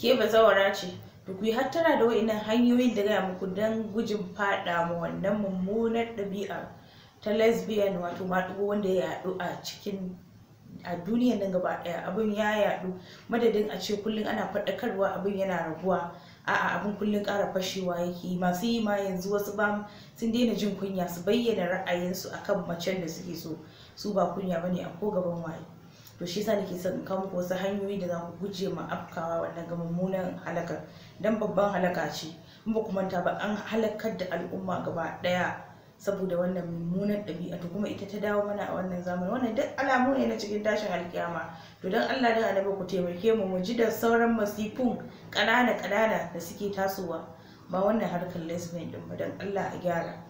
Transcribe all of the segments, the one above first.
ke bazawara ce da ku yi hattara da wa'innan hanyoyin da gaya muku don gujin faɗa ma wannan mummunar ɗabi'a ta lesbian wato maɗugo wanda ya yaɗu a cikin a duniyar nan gaba ɗaya abin ya yaɗu madadin a ce kullum ana faɗakarwa abin yana raguwa a'a abin kullum ƙara fashewa yake masu yi ma yanzu wasu ba sun daina jin kunya su bayyana ra'ayinsu akan macen da suke so su ba kunya bane a ko gaban waye to shi yasa nake son in kawo wasu hanyoyi da za ku guje ma afkawa wannan ga mummunan halaka dan babban halaka ce in ba ku manta ba an halakar da al'umma gaba daya saboda wannan mummunan ɗabi'a to kuma ita ta dawo mana a wannan zamani wannan duk alamu ne na cikin tashin alkiyama to don Allah da annabi ku taimake mu mu ji da sauran masifun ƙanana kanana da suke tasowa ba wannan harkar lesbian din ba don Allah a gyara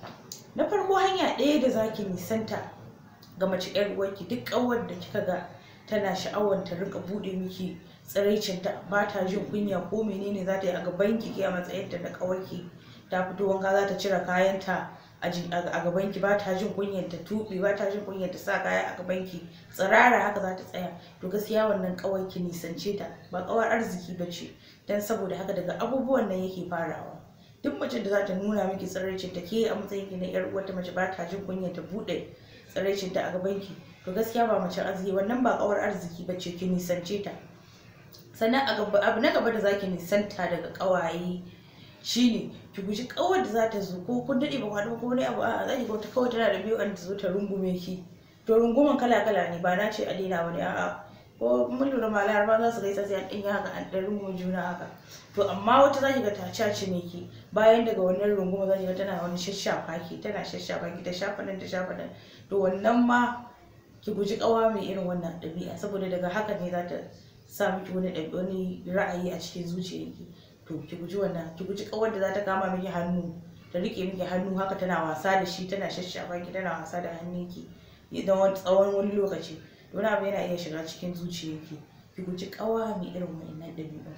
na farko hanya ɗaya da zaki nisanta ga mace 'yar uwarki duk ƙawar da kika ga tana sha'awar ta rika bude miki tsiraicinta ba ta jin kunya ko menene za ta yi a gaban ki ke a matsayin ta na kawaki ta fito wanka za ta cire kayanta a gaban ki ba ta jin kunyar ta tuɓe ba ta jin kunyar ta sa kaya a gaban ki tsirara haka za ta tsaya to gaskiya wannan kawai ki nisance ta ba kawar arziki ba ce dan saboda haka daga abubuwan nan yake farawa duk mace da za ta nuna miki tsiraicinta ke a matsayin ki na yar uwar ta mace ba ta jin kunyar ta buɗe tsiraicinta a gaban ki to gaskiya ba mace arziki wannan ba kawar arziki ba ce ki nisance ta sannan a abu na gaba da zaki nisanta daga kawaye shine ki guji kawar da za ta zo ko kun dade ba kwado ko wani abu a zaki ta kawai tana da biyu an ta zo ta rungume ki to runguman kala kala ne ba na ce a daina wani a'a ko mun lura ma ba za su gaisa sai an ɗin haka an ɗan rungume juna haka to amma wata za ki ga ta caci ne ki bayan daga wannan runguma za ki ga tana wani shashafa ki tana shashafa ki ta shafa nan ta shafa nan to wannan ma ki guji ƙawa mai irin wannan ɗabi'a saboda daga haka ne za ta sa miki wani wani ra'ayi a cikin zuciyarki to ki guji wannan ki guji ƙawar da za ta kama miki hannu ta rike miki hannu haka tana wasa da shi tana shashafa ki tana wasa da hannunki idan tsawon wani lokaci wani abu yana iya shiga cikin zuciyarki ki guji ƙawa mai irin ɗari ɗabi'u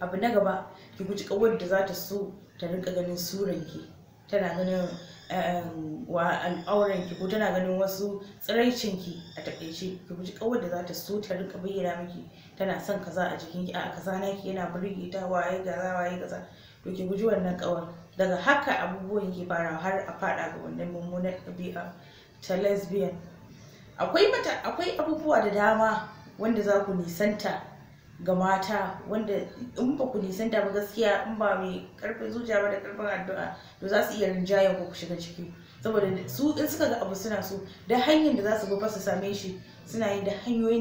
abu na gaba ki guji ƙawar da za ta so ta rinka ganin suranki tana ganin ehm, wa al'auranki ko tana ganin wasu tsiraicinki a takaice ki guji ƙawar da za ta so ta rinka bayyana miki tana son kaza a jikinki a kaza naki yana burge ta waye za waye za to ki guji wannan ƙawar daga haka abubuwan ke fara har a fada ga wannan mummunar ɗabi'a ta lesbian akwai mata akwai abubuwa da dama wanda za ku nisanta ga mata wanda in ba ku nisanta ba gaskiya in ba mai karfin zuciya ba da karfin addu'a to za su iya rinjayen ku shiga ciki saboda su in suka ga abu suna so da hanyar da za su bi su same shi suna yin da hanyoyin